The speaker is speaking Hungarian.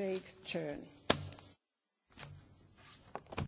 szükség csőn.